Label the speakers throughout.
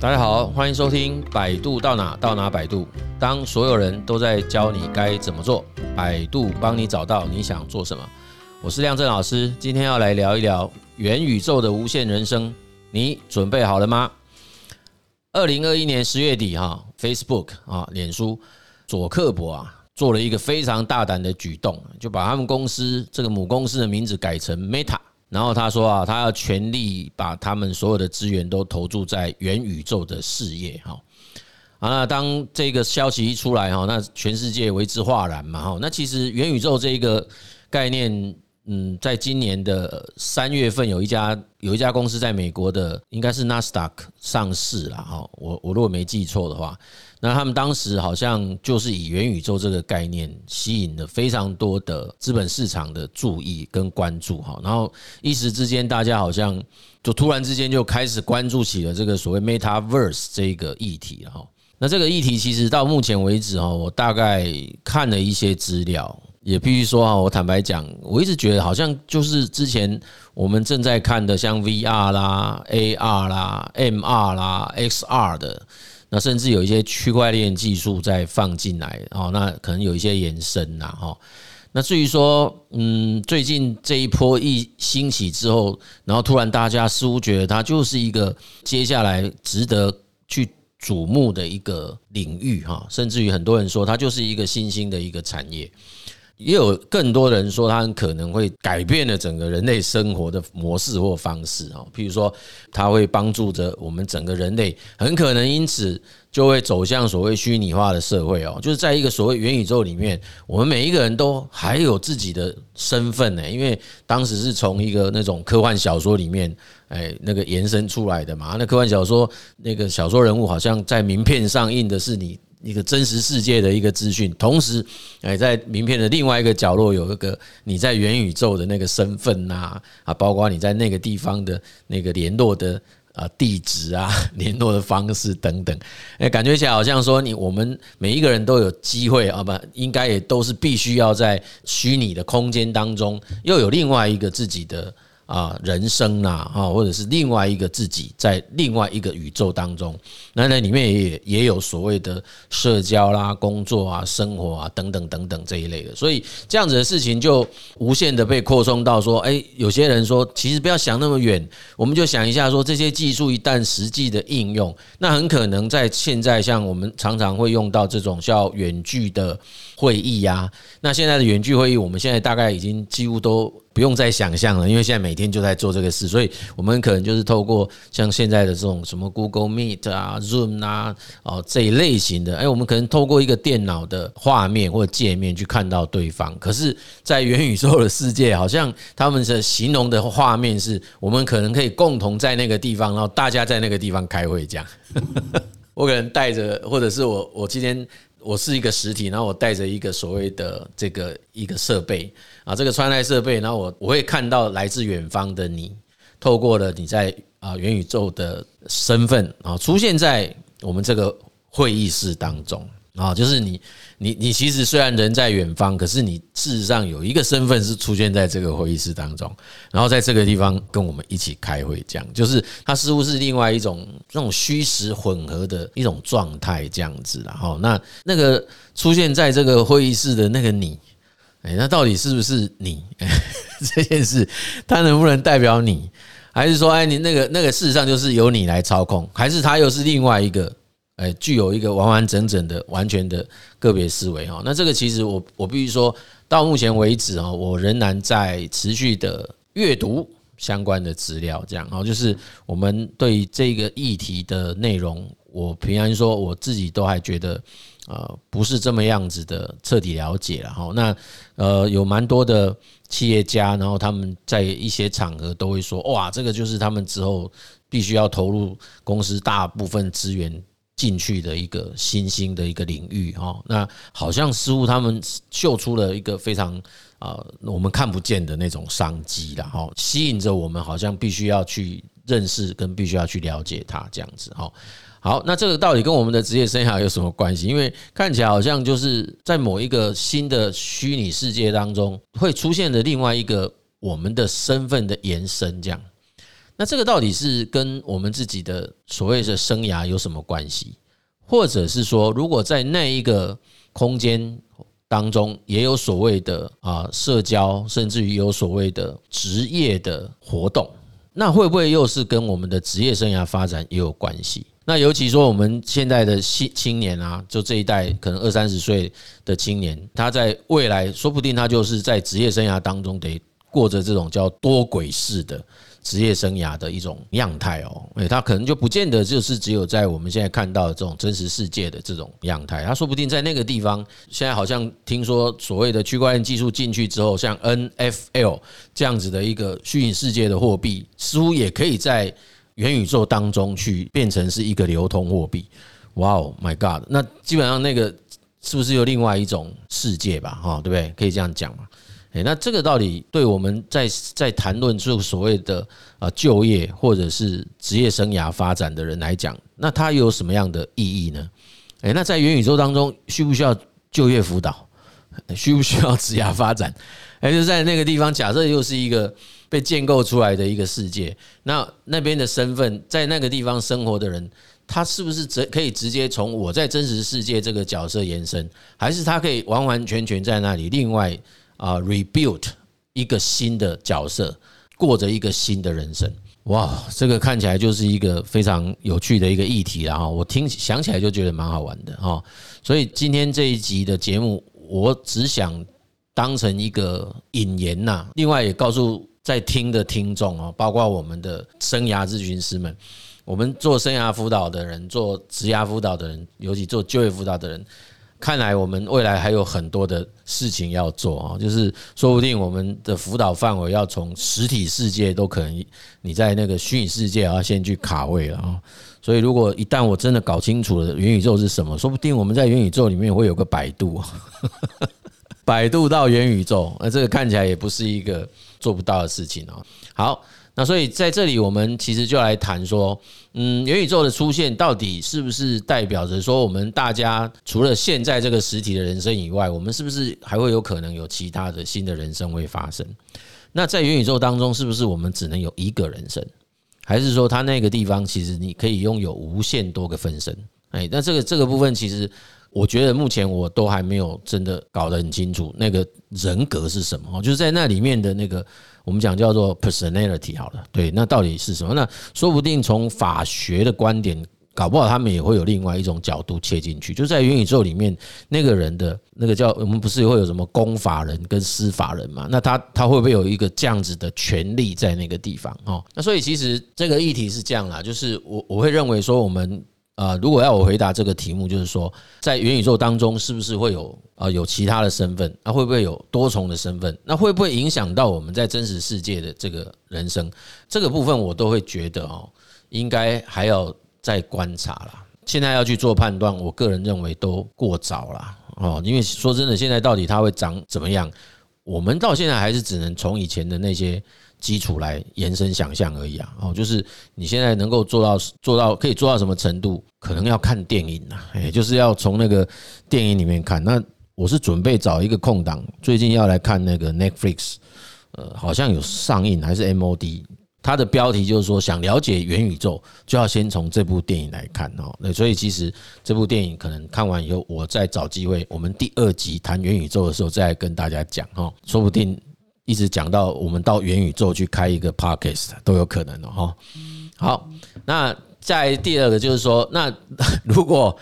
Speaker 1: 大家好，歡迎收聽《百度到哪到哪百度》。當所有人都在教你該怎麼做，百度幫你找到你想做什麼。我是亮震老師，今天要來聊一聊元宇宙的無限人生。你準備好了嗎？二零二一年十月底，哈，Facebook 啊，臉書佐克伯啊，做了一個非常大膽的舉動，就把他們公司這個母公司的名字改成 Meta。然後他說啊，他要全力把他們所有的資源都投注在元宇宙的事業哈。啊，當這個消息一出來哈，那全世界為之譁然嘛哈。那其實元宇宙這個概念，嗯，在今年的三月份，有一家有一家公司在美國的應該是納斯達克上市了哈。我我如果沒記錯的話。那他們當時好像就是以元宇宙這個概念吸引了非常多的資本市場的注意跟關注哈，然後一時之間大家好像就突然之間就開始關注起了這個所謂 Metaverse 這個議題哈。那這個議題其實到目前為止哈，我大概看了一些資料，也必須說哈，我坦白講，我一直覺得好像就是之前我們正在看的像 VR 啦、AR 啦、MR 啦、XR 的。那甚至有一些區塊鏈技術在放進來哦，那可能有一些延伸吶哈。那至於說，嗯，最近這一波一興起之後，然後突然大家似乎覺得它就是一個接下來值得去矚目的一個領域哈，甚至於很多人說它就是一個新興的一個產業。也有更多人說，他很可能會改變了整個人類生活的模式或方式哦。譬如說，他會幫助着我們整個人類，很可能因此就會走向所謂虛擬化的社會哦。就是在一個所謂元宇宙裡面，我們每一個人都還有自己的身份呢。因為當時是從一個那種科幻小說裡面，哎，那個延伸出來的嘛。那科幻小說那個小說人物好像在名片上印的是你。一個真實世界的一個資訊，同時，哎，在名片的另外一個角落有一個你在元宇宙的那個身份吶，啊，包括你在那個地方的那個聯絡的啊地址啊、聯絡的方式等等，誒，感覺起來好像說你，我們每一個人都有機會啊，不，應該也都是必須要在虛擬的空間當中，又有另外一個自己的。啊，人生吶，哈，或者是另外一個自己在另外一個宇宙當中，那那裡面也也有所謂的社交啦、啊、工作啊、生活啊等等等等這一類的，所以這樣子的事情就無限的被擴充到說，誒，有些人說，其實不要想那麼遠，我們就想一下，說這些技術一旦實際的應用，那很可能在現在像我們常常會用到這種叫遠距的會議呀、啊，那現在的遠距會議，我們現在大概已經幾乎都。不用再想象了，因為現在每天就在做這個事，所以我們可能就是透過像現在的這種什麼 Google Meet 啊、Zoom 啊、哦這一類型的，誒、欸，我們可能透過一個電腦的畫面或界面去看到對方。可是，在元宇宙的世界，好像他們的形容的畫面是，我們可能可以共同在那個地方，然後大家在那個地方開會，這樣。 我可能帶着，或者是我我今天。我是一個實體，然後我帶着一個所謂的這個一個設備啊，這個穿戴設備，然後我我會看到來自遠方的你，透過了你在啊元宇宙的身份啊，出現在我們這個會議室當中。啊，就是你，你，你其實雖然人在遠方，可是你事實上有一個身份是出現在這個會議室當中，然後在這個地方跟我們一起開會，這樣就是它似乎是另外一種那種虛實混合的一種狀態，這樣子了。哈，那那個出現在這個會議室的那個你，哎、欸，那到底是不是你 這件事？他能不能代表你？還是說，哎、欸，你那個那個事實上就是由你來操控？還是他又是另外一個？呃，具有一個完完整整的、完全的個別思維哈。那這個其實我我必須說到目前為止哈，我仍然在持續的閱讀相關的資料，這樣哈，就是我們對這個議題的內容，我平安說我自己都還覺得呃不是這麼樣子的徹底了解了哈。那呃有蠻多的企業家，然後他們在一些場合都會說，哇，這個就是他們之後必須要投入公司大部分資源。進去的一個新興的一個領域啊，那好像似乎他們嗅出了一個非常啊，我們看不見的那種商機了哈，吸引着我們，好像必須要去認識跟必須要去了解它這樣子哈。好，那這個到底跟我們的職業生涯有，有什麼關係？因為看起來好像就是在某一個新的虛擬世界當中，會出現的另外一個我們的身份的延伸這樣。那這個到底是跟我們自己的所謂的生涯有什麼關係？或者是說，如果在那一個空間當中也有所謂的啊社交，甚至於有所謂的職業的活動，那會不會又是跟我們的職業生涯發展也有關係？那尤其說我們現在的青青年啊，就這一代可能二三十歲的青年，他在未來說不定他就是在職業生涯當中得過着這種叫多軌式的。職業生涯的一種樣態哦，誒，他可能就不見得就是只有在我們現在看到的這種真實世界的這種樣態，他說不定在那個地方，現在好像聽說所謂的區塊鏈技術進去之後，像 N F L 這樣子的一個虛擬世界的貨幣，似乎也可以在元宇宙當中去變成是一個流通貨幣。Wow, my god！那基本上那個是不是有另外一種世界吧？哈，對不對？可以這樣講嘛？誒、欸，那這個道理對我們在在談論出所謂的啊就業或者是職業生涯發展的人來講，那它有什麼樣的意義呢？誒、欸，那在元宇宙當中，需不需要就業輔導？需不需要職業發展？還、欸、是在那個地方假設又是一個被建構出來的一個世界？那那邊的身份，在那個地方生活的人，他是不是直可以直接從我在真實世界這個角色延伸？還是他可以完完全全在那裡另外？啊，rebuild 一個新的角色，過着一個新的人生。哇，這個看起來就是一個非常有趣的一個議題了哈。我聽想起來就覺得蠻好玩的哈。所以今天這一集的節目，我只想當成一個引言吶、啊。另外也告訴在聽的聽眾哦，包括我們的生涯諮詢師們，我們做生涯輔導的人，做職涯輔導的人，尤其做就業輔導的人。看來我們未來還有很多的事情要做啊，就是說不定我們的輔導範圍要從實體世界都可能，你在那個虛擬世界要先去卡位了啊。所以如果一旦我真的搞清楚了元宇宙是什麼，說不定我們在元宇宙裡面會有個百度，百度到元宇宙，那這個看起來也不是一個做不到的事情啊。好。那所以在這裡，我們其實就來談說，嗯，元宇宙的出現到底是不是代表着說，我們大家除了現在這個實體的人生以外，我們是不是還會有可能有其他的新的人生會發生？那在元宇宙當中，是不是我們只能有一個人生，還是說它那個地方其實你可以擁有無限多個分身？哎，那這個這個部分其實。我覺得目前我都還沒有真的搞得很清楚那個人格是什麼，就是在那裡面的那個我們講叫做 personality 好了，對，那到底是什麼？那說不定從法學的觀點，搞不好他們也會有另外一種角度切進去，就在元宇宙裡面那個人的那個叫我們不是會有什麼公法人跟私法人嘛？那他他會不會有一個這樣子的權利在那個地方？哦，那所以其實這個議題是這樣啦，就是我我會認為說我們。啊，如果要我回答這個題目，就是說，在元宇宙當中是不是會有啊？有其他的身份？那會不會有多重的身份？那會不會影響到我們在真實世界的這個人生？這個部分我都會覺得哦，應該還要再觀察啦。現在要去做判斷，我個人認為都過早啦哦，因為說真的，現在到底它會長怎麼樣？我們到現在還是只能從以前的那些。基礎來延伸想象而已啊哦，就是你現在能夠做到做到可以做到什麼程度，可能要看電影吶、啊，也就是要從那個電影裡面看。那我是準備找一個空檔，最近要來看那個 Netflix，呃，好像有上映還是 MOD，它的標題就是說想了解元宇宙，就要先從這部電影來看哦。那所以其實這部電影可能看完以後，我再找機會，我們第二集談元宇宙的時候再跟大家講哦。說不定。一直講到我們到元宇宙去開一個 podcast 都有可能的哈。好，那在第二個就是說，那如果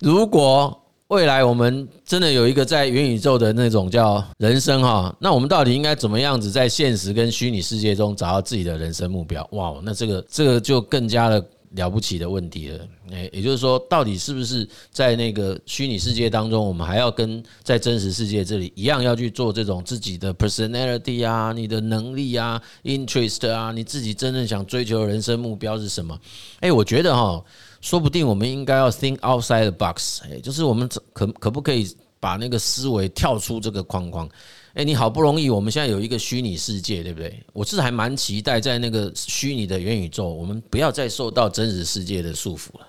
Speaker 1: 如果未來我們真的有一個在元宇宙的那種叫人生哈，那我們到底應該怎麼樣子在現實跟虛擬世界中找到自己的人生目標？哇，那這個這個就更加的。了不起的問題了，誒，也就是說，到底是不是在那個虛擬世界當中，我們還要跟在真實世界這裡一樣，要去做這種自己的 personality 啊，你的能力啊，interest 啊，你自己真正想追求的人生目標是什麼？誒，我覺得哈，說不定我們應該要 think outside the box，誒，就是我們可可不可以把那個思維跳出這個框框？哎、欸，你好不容易，我們現在有一個虛擬世界，對不對？我是還蠻期待，在那個虛擬的元宇宙，我們不要再受到真實世界的束縛了。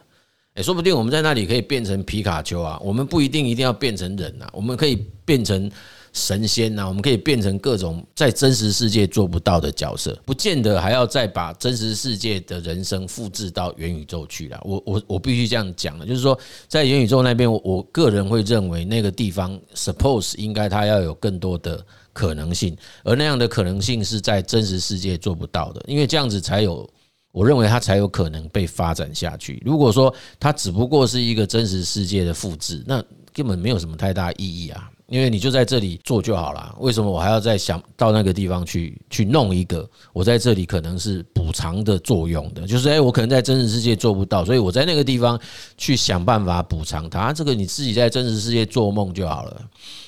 Speaker 1: 哎，說不定我們在那裡可以變成皮卡丘啊，我們不一定一定要變成人啊，我們可以變成。神仙吶、啊，我們可以變成各種在真實世界做不到的角色，不見得還要再把真實世界的人生複製到元宇宙去了。我我我必須這樣講了，就是說，在元宇宙那邊，我我個人會認為那個地方，suppose 應該它要有更多的可能性，而那樣的可能性是在真實世界做不到的，因為這樣子才有，我認為它才有可能被發展下去。如果說它只不過是一個真實世界的複製，那根本沒有什麼太大意義啊。因為你就在這裡做就好了，為什麼我還要再想到那個地方去去弄一個？我在這裡可能是補償的作用的，就是誒，我可能在真實世界做不到，所以我在那個地方去想辦法補償它。這個你自己在真實世界做夢就好了，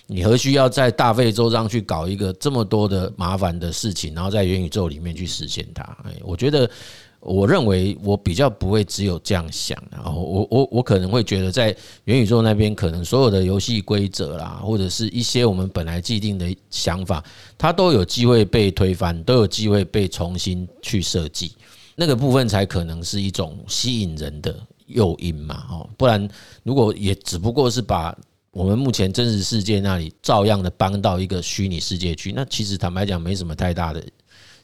Speaker 1: 你何須要在大費周章去搞一個這麼多的麻煩的事情，然後在元宇宙裡面去實現它？誒，我覺得。我認為我比較不會只有這樣想，然後我我我可能會覺得在元宇宙那邊，可能所有的遊戲規則啦，或者是一些我們本來既定的想法，它都有機會被推翻，都有機會被重新去設計，那個部分才可能是一種吸引人的誘因嘛，哦，不然如果也只不過是把我們目前真實世界那裡照樣的搬到一個虛擬世界去，那其實坦白講沒什麼太大的。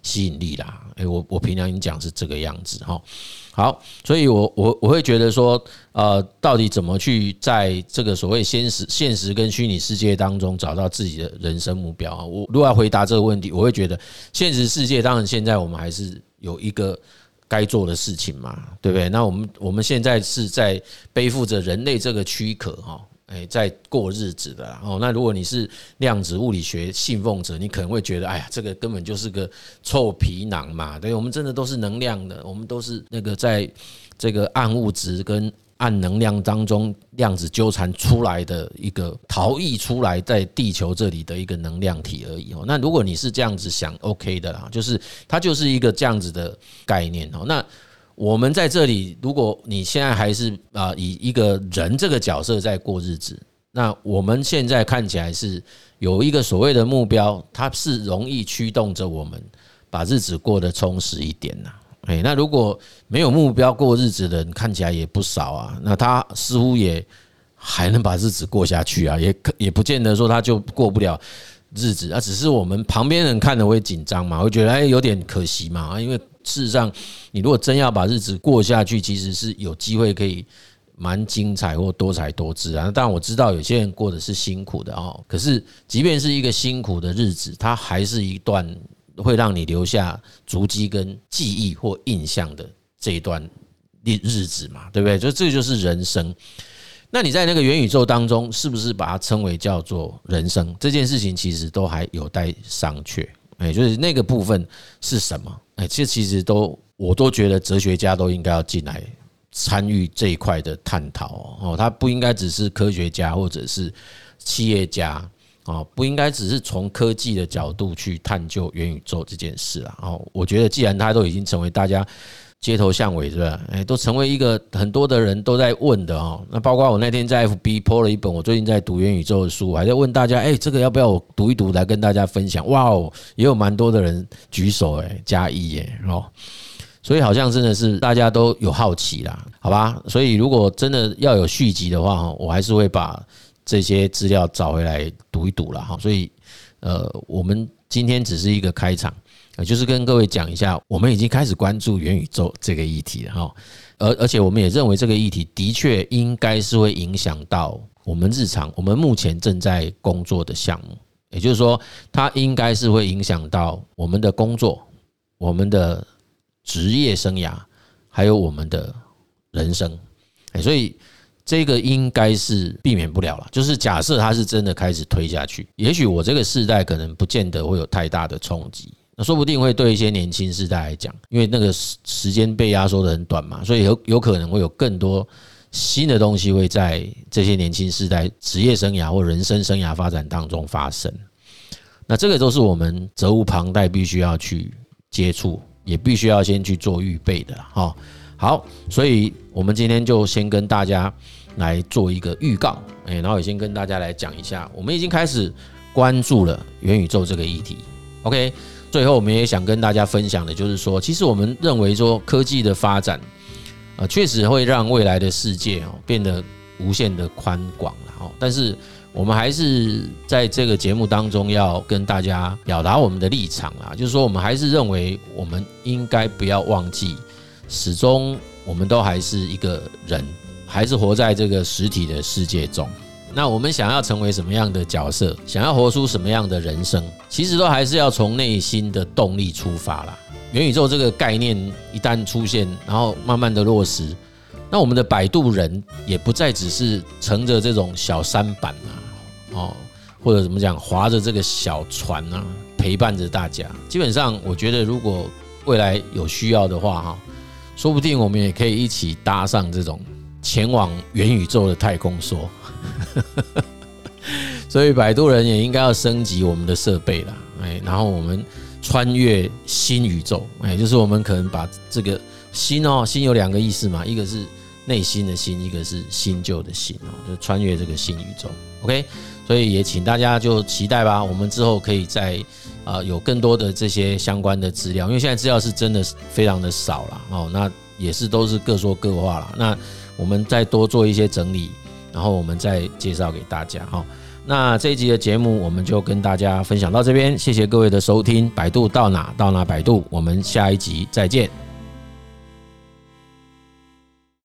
Speaker 1: 吸引力啦，誒，我我平常已經講是這個樣子哈，好，所以，我我我會覺得說，呃，到底怎麼去在這個所謂現實、現實跟虛擬世界當中找到自己的人生目標啊？我如果要回答這個問題，我會覺得現實世界當然現在我們還是有一個該做的事情嘛，對不對？那我們我們現在是在背負着人類這個軀殼哈。誒，在過日子的然後，那如果你是量子物理學信奉者，你可能會覺得，哎呀，這個根本就是個臭皮囊嘛。對，我們真的都是能量的，我們都是那個在這個暗物質跟暗能量當中量子糾纏出來的一個逃逸出來在地球這裡的一個能量體而已。哦，那如果你是這樣子想，OK 的啊，就是它就是一個這樣子的概念哦。那。我們在這裡，如果你現在還是啊以一個人這個角色在過日子，那我們現在看起來是有一個所謂的目標，它是容易驅動着我們把日子過得充實一點吶。誒，那如果沒有目標過日子的人，看起來也不少啊。那他似乎也還能把日子過下去啊，也可也不見得說他就過不了日子啊。只是我們旁邊人看了會緊張嘛，會覺得誒，有點可惜嘛，因為，事實上，你如果真要把日子過下去，其實是有機會可以蠻精彩或多才多姿啊。但我知道有些人過的是辛苦的哦。可是，即便是一個辛苦的日子，它還是一段會讓你留下足跡跟記憶或印象的這一段日子嘛，對不對？所以，這就是人生。那你在那個元宇宙當中，是不是把它稱為叫做人生？這件事情其實都還有待商榷。也就是那個部分是什麼？哎，這其實都，我都覺得哲學家都應該要進來參與這一塊的探討哦。他不應該只是科學家或者是企業家哦，不應該只是從科技的角度去探究元宇宙這件事了哦。我覺得既然他都已經成為大家。街頭巷尾，是不是？哎，都成為一個很多的人都在問的哦。那包括我那天在 FB PO 了一本我最近在讀元宇宙的書，我還在問大家，哎，這個要不要我讀一讀來跟大家分享？哇哦，也有蠻多的人舉手，哎，加一，耶。哦，所以好像真的是大家都有好奇啦，好吧？所以如果真的要有續集的話，哈，我還是會把這些資料找回來讀一讀了，哈。所以，呃，我們今天只是一個開場。就是跟各位講一下，我們已經開始關注元宇宙這個議題了哈。而而且我們也認為這個議題的確應該是會影響到我們日常，我們目前正在工作的項目，也就是說，它應該是會影響到我們的工作、我們的職業生涯，還有我們的人生。所以這個應該是避免不了了。就是假設它是真的開始推下去，也許我這個世代可能不見得會有太大的衝擊。那說不定會對一些年輕世代來講，因為那個時時間被壓縮得很短嘛，所以有有可能會有更多新的東西會在這些年輕世代職業生涯或人生生涯發展當中發生。那這個都是我們責無旁貸必須要去接觸，也必須要先去做預備的哈。好，所以我們今天就先跟大家來做一個預告，誒，然後也先跟大家來講一下，我們已經開始關注了元宇宙這個議題。OK。最後，我們也想跟大家分享的，就是說，其實我們認為說，科技的發展，啊，確實會讓未來的世界哦變得無限的寬廣，然後但是，我們還是在這個節目當中要跟大家表達我們的立場啊，就是說，我們還是認為，我們應該不要忘記，始終我們都還是一個人，還是活在這個實體的世界中。那我們想要成為什麼樣的角色，想要活出什麼樣的人生，其實都還是要從內心的動力出發啦。元宇宙這個概念一旦出現，然後慢慢的落實，那我們的擺渡人也不再只是乘着這種小舢板啊、哦，或者怎麼講，劃着這個小船吶、啊，陪伴着大家。基本上，我覺得如果未來有需要的話哈，說不定我們也可以一起搭上這種。前往元宇宙的太空梭 所以擺渡人也應該要升級我們的設備啦。哎，然後我們穿越新宇宙，哎，就是我們可能把這個新哦、喔，新有兩個意思嘛，一個是內心的“新”，一個是新舊的“新”哦，就穿越這個新宇宙。OK，所以也請大家就期待吧，我們之後可以再啊有更多的這些相關的資料，因為現在資料是真的非常的少了哦，那也是都是各說各話了那。我們再多做一些整理，然後我們再介紹給大家哈。那這一集的節目我們就跟大家分享到這邊，謝謝各位的收聽。百度到哪到哪百度，我們下一集再見。